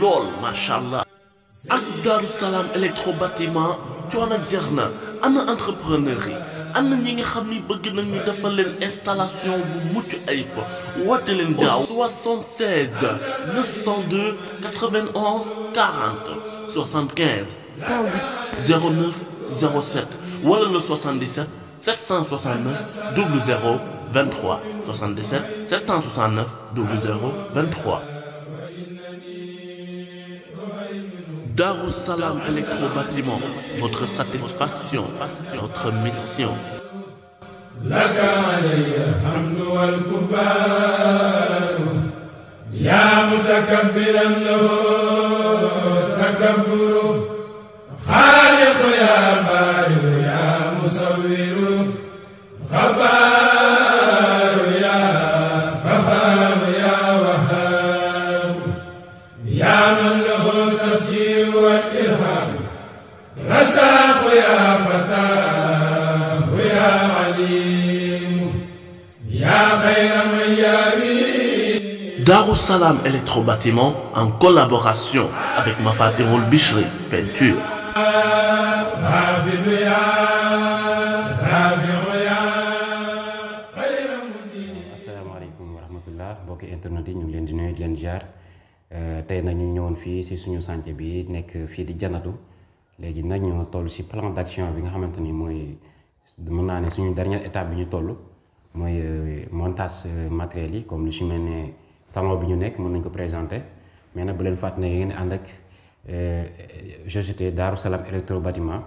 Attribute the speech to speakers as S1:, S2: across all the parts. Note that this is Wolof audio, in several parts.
S1: lol machallah. sha allah. ak électro bâtiment ana entrepreneur yi ana ñi installation bu mucc 76 902 91 40 75 09 07 wala le 77 769 00 23 77 769 00 23 Darussalam bâtiment, votre satisfaction, votre mission. Darussalam Électrobâtiment en collaboration avec Mafatirol Bichri Peinture.
S2: asalaamaaleykum wa rahmatullah mbokki internet ñu ngi leen di nuyu di leen jaar Euh tay nañu ñëwon fi ci suñu chantier bi nek fi di janatu Légui nag ñu toll si plan d'action bi nga xamanteni moy mooy mën naa ne suñu dernière étape bi ñu tollu moy euh, montage euh, matériel yi comme lu si salon bi ñu nekk mën nañ ko présenter mais nag bu leen fàtte ne ngeen ànd ak GGT euh, Daaru Salaam électro bâtiment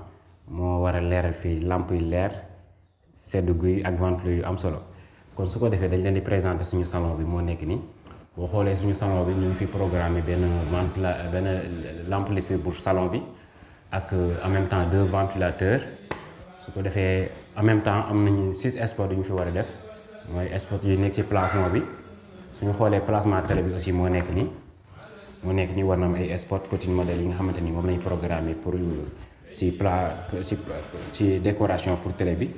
S2: moo war a leeral fii làmp yi leer sedd guy ak ventilo yu am solo kon su ko defee dañ leen di présenter suñu salon bi moo nekk nii boo xoolee suñu salon bi ñu ngi fi programmé benn ventila benn lampe laissée pour salon bi ak euh, en même temps deux ventilateurs su ko defee en même temps am nañu six spots yu ñu fi war a def mooy spots yi nekk ci plafond bi suñu xoolee placement télé bi aussi moo nekk nii moo nekk nii war na am ay spot cutting modèle yi nga xamante ni moom lañ programmé pour euh, si pla si si décoration pour télé bi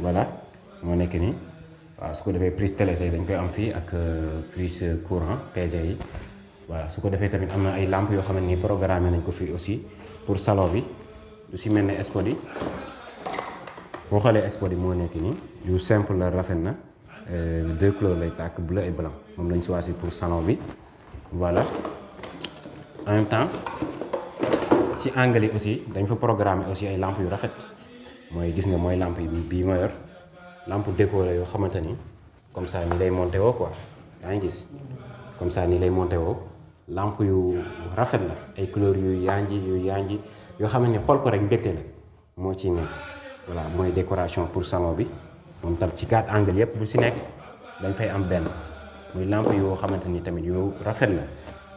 S2: voilà moo nekk nii waa su ko defee prise télé tey dañ koy am fii ak euh, prise courant PG yi voilà su ko defee tamit am na ay làmp yoo xam ne nii programmé nañ ko fii aussi pour salon bi lu si mel ne spot yi boo xoolee spot yi moo nekk nii yu simple la rafet na. Euh, deux couleurs lay tàkk bleu et blanc moom lañ choisir pour sano bi voilà en même temps ci angle aussi dañ fa programme aussi ay làmp yu rafet mooy gis nga mooy làmp yi bii ma yor lampe déco la yoo xamante ni comme ça nii lay monté woo quoi yaa ngi gis comme ça ni lay monté làmp yu rafet la ay couleurs yu yaanji yu yaanji yoo xam ne xool ko rek mbégte la moo ci nekk voilà mooy décoration pour salon bi moom tam ci quatre angles yëpp bu si nekk dañ fay am benn muy làmp yoo xamante ni tamit yu rafet la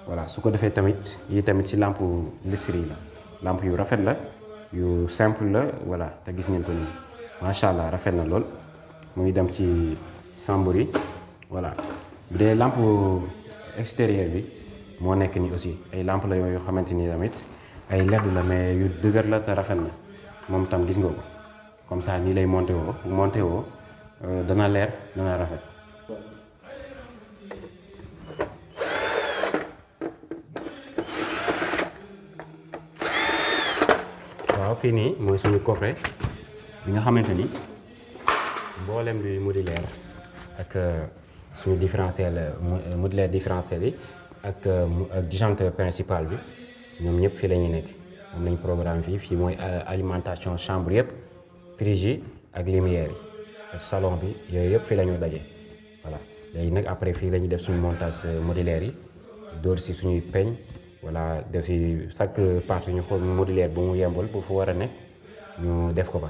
S2: voilà su ko defee tamit yii tamit si lampe listri la lampe yu rafet la yu simple la voilà te gis ngeen ko nii macha allah rafet na lool mu ngi dem ci chambre yi voilà bu dee lampe extérieure bi moo nekk ni aussi ay lampe la yoo xamante ni tamit ay led la mais yu dëgër la te rafet na moom tam gis nga ko comme ça ni lay monté woo monté euh, dana dana rafet coffret bi nga ak euh, différentiel euh, modulaire différentiel ak principal bi ñom ñep fi programme fi alimentation chambre frige yi ak lumière yi ak salon bi yooyu yëpp fii la ñu daje voilà léegi nag après fii la def suñ montage euh, modulaire yi dóor si suñuy peñ voilà def si chaque partie ñu xool modulaire bu mu yembul bu fu war a nekk ñu def ko ba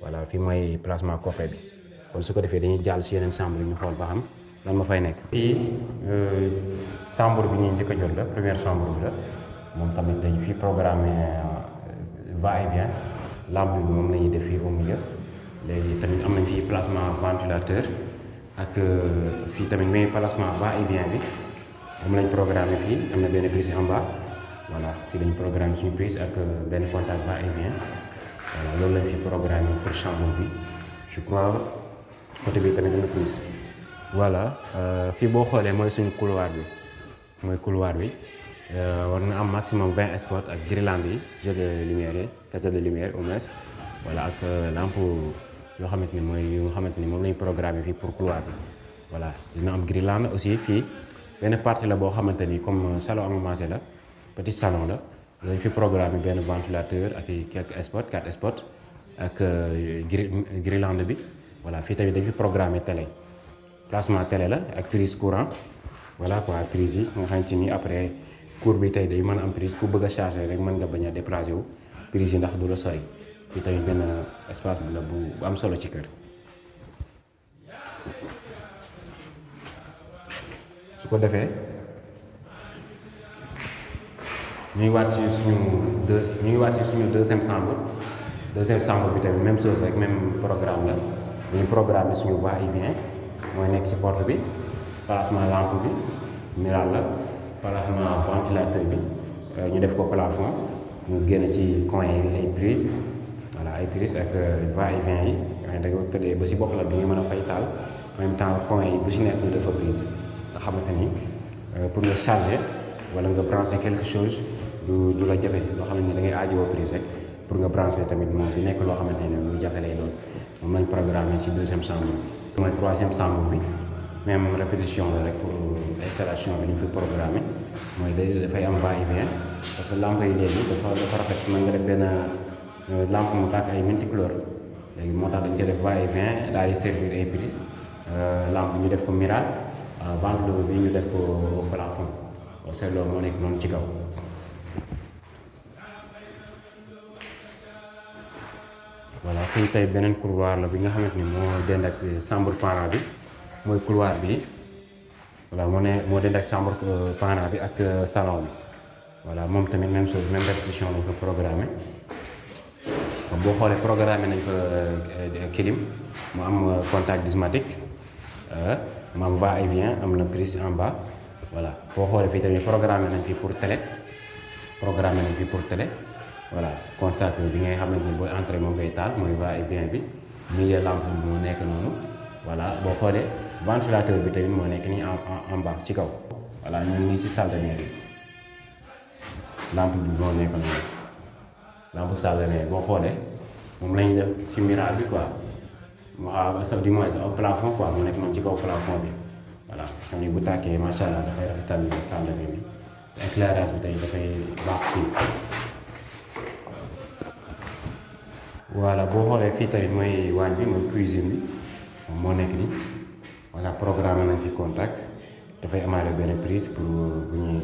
S2: voilà fii mooy placement coffret bi kon su ko defee dañuy jàll si yeneen chambre yu ñu xool ba xam lan ma fay nekk. fii euh, chambre bi ñuy njëkk a jot la première chambre bi la moom tamit dañu fi programmé euh, va et lampe bi moom la ñuy def fii au milieu léegi tamit am nañ fii placement ventilateur ak euh, fii tamit mais placement va et bi am lañ programme fii am na benn prise en bas voilà fii lañ programme suñu prise ak euh, benn contact va et vient loolu lañ fi programme pour chambre bi je crois côté bi tamit am na prise voilà euh, fii boo xoolee mooy suñ couloir bi mooy couloir bi Euh, war nga am maximum 20 spots ak guirlande yi jeu de lumière yi cadeau de lumière au moins voilà ak euh, lampe yo xamanteni moy yo xamanteni nga xamante programmer fi pour couloir bi voilà dina am guirlande aussi fi ben partie la bo xamanteni comme euh, salon à manger la petit salon la dañ fi programmé ben ventilateur ak quelques spots quatre spots ak guirlande bi voilà fi tamit dañ fi programmé télé placement télé la ak prise courant voilà quoi prise yi nga xamante après cours bi tey day mën a am prise ku bëgg a chargé rek mën nga bañ a déplacé wu prise ndax du la sori ci tamit benn espace bu la bu am solo ci kër su ko defee ñuy waat si suñu deux ñuy waat si suñu deuxième chambre deuxième chambre bi tamit même chose rek même programme la ñuy programmer suñu va et vient porte bi placement lampe bi miral la placement ventilateur bi euh, ñu def ko plafond mu génn ci coin yi ay prise voilà ay prise ak euh, va et vient yi waaye da nga ba si bopp la bi nga mën a fay taal en même temps yi bu si nekk ñu dafa prise nga xamante ni euh, pour nga charger wala nga brancher quelque chose du la jafe loo xamante ni da ngay aajowoo prise rek pour nga brancher tamit moom du nekk loo xamante ni lu jafe lay doon moom lañ programme si deuxième chambre bi mooy troisième chambre bi mais moom répétition la rek pour installation bi ni ñu fi programmé mooy léegi dafay am va parce que lampe yi léegi dafa dafa rafet mën nga def benn euh, lampe mu tàkk ay multicolore léegi moo tax dañ koy def va-et-vient daal di servir ay prises ñu euh, def ko miroir vente bi ñu def ko plafond seetloo moo nekk noonu ci kaw. voilà fii tey beneen couloir la bi nga xamante ni moo dend ak chambre parent bi. mooy couloir bi voilà moo ne moo dend ak chambre euh, parent bi ak euh, salon bi voilà moom tamit même chose même répétition lañ fa programmé boo xoolee programmé nañ fa kilim euh, mu am contact prismatique mu am va et vient am na prise en bas voilà boo xoolee fii tamit programme nañ fii pour télé programmé nañ fi pour télé voilà contact bi ngay xamante ni booy entré moom ngay taal mooy va et vient bi milieu lampe bi moo nekk noonu voilà boo xoolee. ventilateur bi tamit moo nekk nii en en bas ci kaw voilà ñun nii si salle de bain bi lampe bi moo nekk noonu lampe salle boo xoolee moom lañu def si miroir bi quoi mu xaw a du moins au plafond quoi mu nekk noonu ci kaw plafond bi bu tàkkee macha allah dafay rafetal salle de bain bi te éclairage bi tey fii. voilà mooy waañ bi mooy moo nekk nii. voilà programme nañ fi contact dafay amaale benn prise pour bu ñuy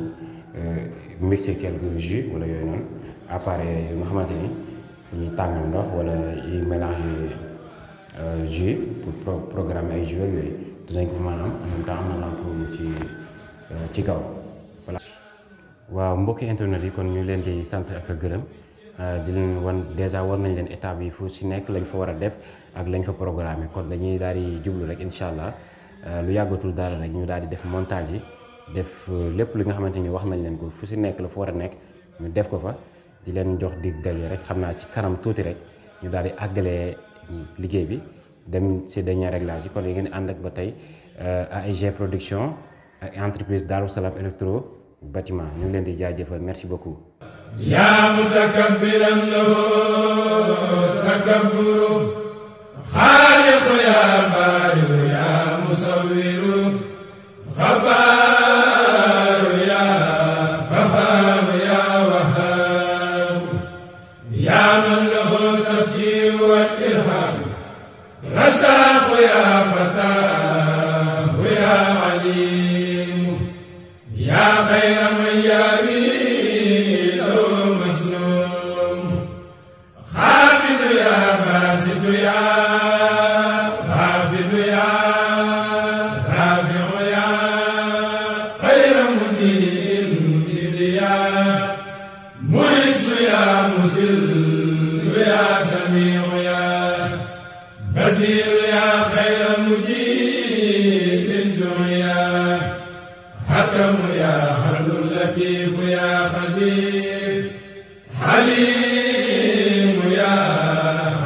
S2: euh, mixer quelques jus wala yooyu noonu appareil yu nga xamante ni ñuy tàngal ndox wala yi mélanger euh, jus pour programme ay jus yooyu dinañ ko maanaam en am na lampe ci euh, ci kaw voilà. waaw mbokki internet yi kon ñu leen di sant ak gërëm di leen wan dèjà war nañ leen étape yi fu si nekk lañ fa war a def ak lañ fa programme yi kon dañuy daal di jublu rek incha allah. Euh, lu yàggatul dara rek ñu daal di def montage yi def euh, lépp li nga xamante ni wax nañ leen ko fu si nekk la fu war a nekk ñu def ko fa di leen jox dig daje rek xam naa ci kanam tuuti rek ñu daal di àggalee liggéey bi dem si dernier réglage yi kon yi ngeen ànd ak ba tey euh, AIG production ak entreprise Darou Salam électro bâtiment ñu ngi leen di jaajëfal merci beaucoup. yaa mutakabbiran lahu
S3: takabburu xaaliqu yaa baari'u yaa musawwiru xafa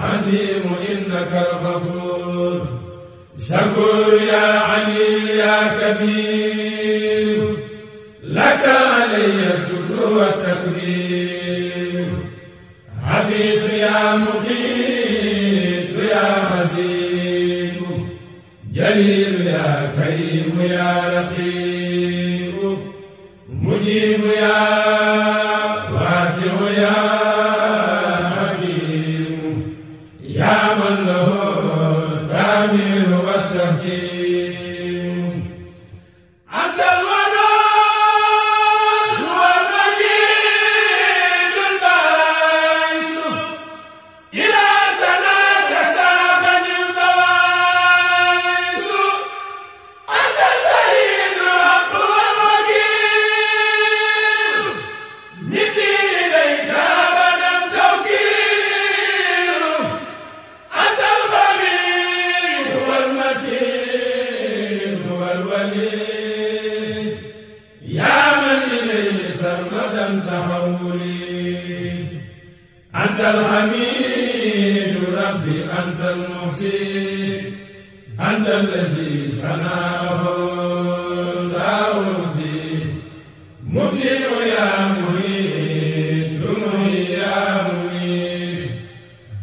S3: العزيم إنك الغفور شكور يا علي يا كبير
S2: لك علي
S3: الشكر والتكبير حفيظ يا مقيت يا عزيز جليل يا كريم يا رقيب أنت الذي صنعه داوزي مبدئ يا مهيد دمه يا مهيد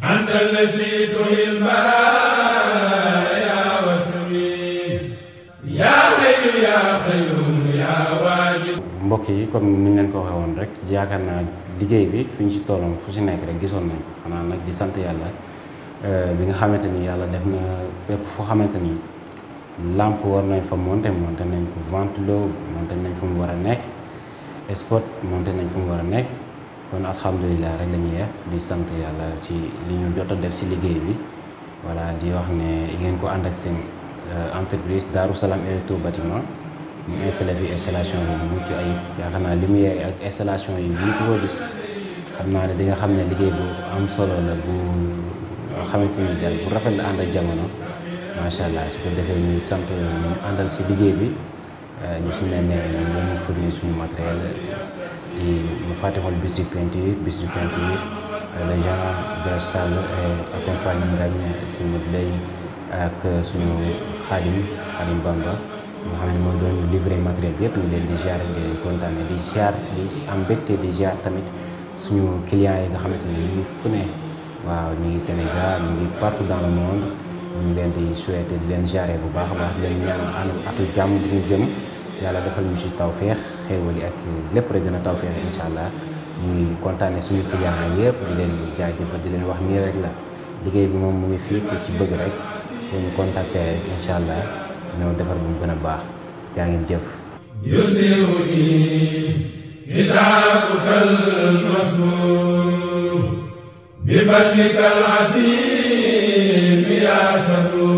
S3: أنت الذي تهي البرايا وتميد
S2: يا حي يا قيوم يا واجد mbokk yi comme ni ñu ko waxee rek yaakaar naa liggéey bi fi ñu ci tolloon fu ci nekk rek gisoon nañ xanaa nag di sant yàlla Euh, bi nga xamante ni yàlla def na fépp foo xamante ni làmp war nañ fa monter monter nañ ko ventilo monter nañ fu mu war a nekk spot monter nañ fu mu war a nekk kon alhamdulilah rek la ñuy def di sant yàlla ci li ñu jot a def ci liggéey bi voilà di wax ne ngeen ko ànd ak seen euh, entreprise Darou Salam Electro Bâtiment ñu installé fi installation bi mu mucc ayib yaakaar naa ak installation yi bu ñu ko gis xam naa ne di nga xam ne liggéey bu am solo la bu. loo xamante ni daal bu rafet la ànd ak jamono macha allah su ko defee ñu sant ñu àndal si liggéey bi euh, ñu si mel ne ñu fournir suñu matériel di mu fàttewul Bichri Peinture Bichri Peinture euh, le genre Grasse Sall accompagne suñu lay ak euh, suñu xaadim xaadim Bamba nga xam ne mooy doon livré matériel bi yëpp ñu leen di ziar di leen kontaane di ziar di am mbégte di ziar tamit suñu clients yi nga xamante ne ñu ngi waaw ñu ngi Sénégal ñu ngi partout dans le monde ñu leen di souhaiter di leen jaaree bu baax a baax di leen ñaanal atu jàmm bu ñu jëm yàlla defal ñu si tawféex xéewali ak lépp rek gën a tawféex incha allah ñu ngi kontaane suñu client yëpp di leen jaajëfal di leen wax nii rek la liggéey bi moom mu ngi fii ci bëgg rek boo ñu contacté rek allah ñëw defar bu gën a baax jaa ngeen jëf. يسلمني
S3: كتابك المسموع
S2: bi fadlika al-aziim yaa sadu